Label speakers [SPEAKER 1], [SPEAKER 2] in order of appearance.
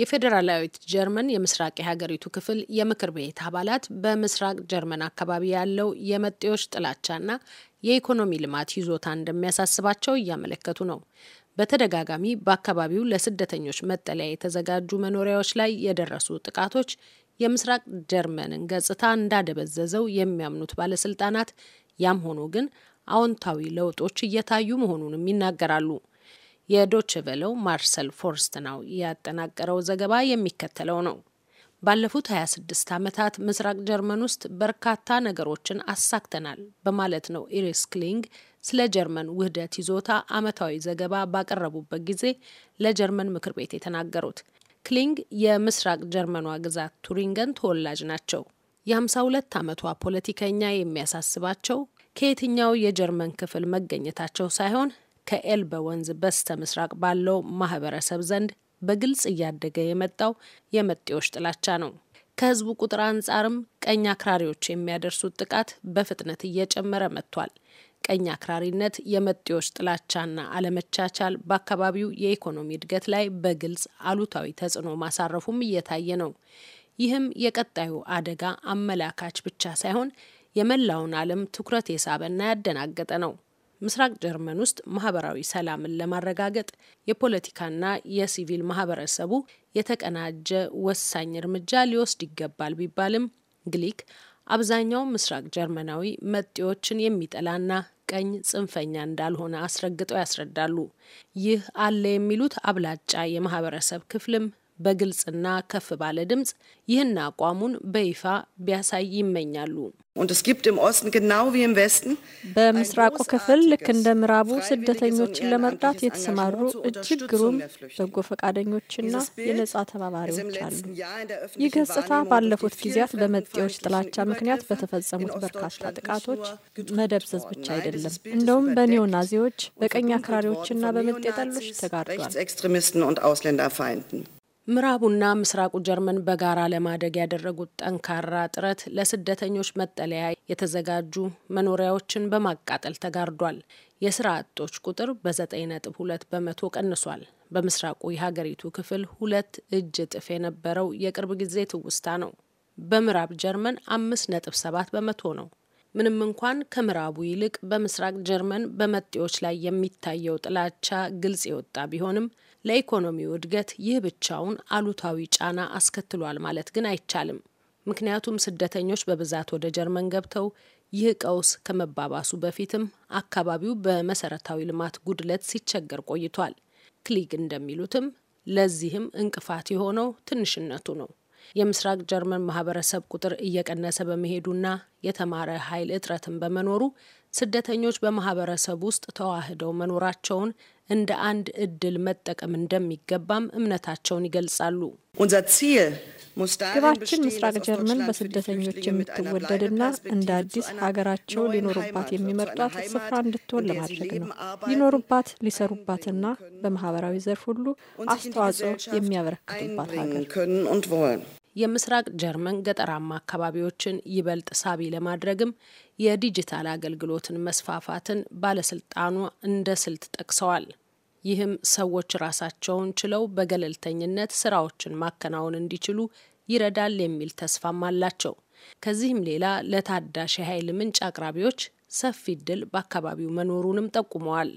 [SPEAKER 1] የፌዴራላዊት ጀርመን የምስራቅ የሀገሪቱ ክፍል የምክር ቤት አባላት በምስራቅ ጀርመን አካባቢ ያለው የመጤዎች ጥላቻና የኢኮኖሚ ልማት ይዞታ እንደሚያሳስባቸው እያመለከቱ ነው። በተደጋጋሚ በአካባቢው ለስደተኞች መጠለያ የተዘጋጁ መኖሪያዎች ላይ የደረሱ ጥቃቶች የምስራቅ ጀርመንን ገጽታ እንዳደበዘዘው የሚያምኑት ባለስልጣናት፣ ያም ሆኖ ግን አዎንታዊ ለውጦች እየታዩ መሆኑንም ይናገራሉ። የዶችቬለው ማርሰል ፎርስት ነው ያጠናቀረው ዘገባ የሚከተለው ነው። ባለፉት 26 ዓመታት ምስራቅ ጀርመን ውስጥ በርካታ ነገሮችን አሳክተናል በማለት ነው ኢሪስ ክሊንግ ስለ ጀርመን ውህደት ይዞታ ዓመታዊ ዘገባ ባቀረቡበት ጊዜ ለጀርመን ምክር ቤት የተናገሩት። ክሊንግ የምስራቅ ጀርመኗ ግዛት ቱሪንገን ተወላጅ ናቸው። የ52 ዓመቷ ፖለቲከኛ የሚያሳስባቸው ከየትኛው የጀርመን ክፍል መገኘታቸው ሳይሆን ከኤልበ ወንዝ በስተ ምስራቅ ባለው ማህበረሰብ ዘንድ በግልጽ እያደገ የመጣው የመጤዎች ጥላቻ ነው። ከህዝቡ ቁጥር አንጻርም ቀኝ አክራሪዎች የሚያደርሱት ጥቃት በፍጥነት እየጨመረ መጥቷል። ቀኝ አክራሪነት፣ የመጤዎች ጥላቻና አለመቻቻል በአካባቢው የኢኮኖሚ እድገት ላይ በግልጽ አሉታዊ ተጽዕኖ ማሳረፉም እየታየ ነው። ይህም የቀጣዩ አደጋ አመላካች ብቻ ሳይሆን የመላውን ዓለም ትኩረት የሳበና ያደናገጠ ነው። ምስራቅ ጀርመን ውስጥ ማህበራዊ ሰላምን ለማረጋገጥ የፖለቲካና የሲቪል ማህበረሰቡ የተቀናጀ ወሳኝ እርምጃ ሊወስድ ይገባል ቢባልም ግሊክ አብዛኛው ምስራቅ ጀርመናዊ መጤዎችን የሚጠላና ቀኝ ጽንፈኛ እንዳልሆነ አስረግጠው ያስረዳሉ። ይህ አለ የሚሉት አብላጫ የማህበረሰብ ክፍልም በግልጽና ከፍ ባለ ድምጽ ይህን አቋሙን በይፋ ቢያሳይ ይመኛሉ።
[SPEAKER 2] በምስራቁ ክፍል ልክ እንደ ምዕራቡ ስደተኞችን ለመርዳት የተሰማሩ እጅግ ግሩም በጎ ፈቃደኞችና የነጻ ተባባሪዎች አሉ። ይህ ገጽታ ባለፉት ጊዜያት በመጤዎች ጥላቻ ምክንያት በተፈጸሙት በርካታ ጥቃቶች መደብዘዝ ብቻ አይደለም፣ እንደውም በኒዮናዚዎች፣
[SPEAKER 1] በቀኝ አክራሪዎችና በመጤጠሎች ተጋርዷል። ምዕራቡና ምስራቁ ጀርመን በጋራ ለማደግ ያደረጉት ጠንካራ ጥረት ለስደተኞች መጠለያ የተዘጋጁ መኖሪያዎችን በማቃጠል ተጋርዷል። የስራ አጦች ቁጥር በዘጠኝ ነጥብ ሁለት በመቶ ቀንሷል። በምስራቁ የሀገሪቱ ክፍል ሁለት እጅ እጥፍ የነበረው የቅርብ ጊዜ ትውስታ ነው። በምዕራብ ጀርመን አምስት ነጥብ ሰባት በመቶ ነው። ምንም እንኳን ከምዕራቡ ይልቅ በምስራቅ ጀርመን በመጤዎች ላይ የሚታየው ጥላቻ ግልጽ የወጣ ቢሆንም ለኢኮኖሚው እድገት ይህ ብቻውን አሉታዊ ጫና አስከትሏል ማለት ግን አይቻልም። ምክንያቱም ስደተኞች በብዛት ወደ ጀርመን ገብተው ይህ ቀውስ ከመባባሱ በፊትም አካባቢው በመሰረታዊ ልማት ጉድለት ሲቸገር ቆይቷል። ክሊግ እንደሚሉትም ለዚህም እንቅፋት የሆነው ትንሽነቱ ነው። የምስራቅ ጀርመን ማህበረሰብ ቁጥር እየቀነሰ በመሄዱና የተማረ ኃይል እጥረትን በመኖሩ ስደተኞች በማህበረሰብ ውስጥ ተዋህደው መኖራቸውን እንደ አንድ እድል መጠቀም እንደሚገባም እምነታቸውን ይገልጻሉ። ግባችን ምስራቅ ጀርመን በስደተኞች የምትወደድና
[SPEAKER 2] እንደ አዲስ ሀገራቸው ሊኖሩባት የሚመርጧት ስፍራ እንድትሆን ለማድረግ ነው። ሊኖሩባት፣ ሊሰሩባትና በማህበራዊ ዘርፍ ሁሉ አስተዋጽኦ የሚያበረክቱባት ሀገር
[SPEAKER 1] የምስራቅ ጀርመን ገጠራማ አካባቢዎችን ይበልጥ ሳቢ ለማድረግም የዲጂታል አገልግሎትን መስፋፋትን ባለስልጣኑ እንደ ስልት ጠቅሰዋል። ይህም ሰዎች ራሳቸውን ችለው በገለልተኝነት ስራዎችን ማከናወን እንዲችሉ ይረዳል የሚል ተስፋም አላቸው። ከዚህም ሌላ ለታዳሽ የኃይል ምንጭ አቅራቢዎች ሰፊ እድል በአካባቢው መኖሩንም ጠቁመዋል።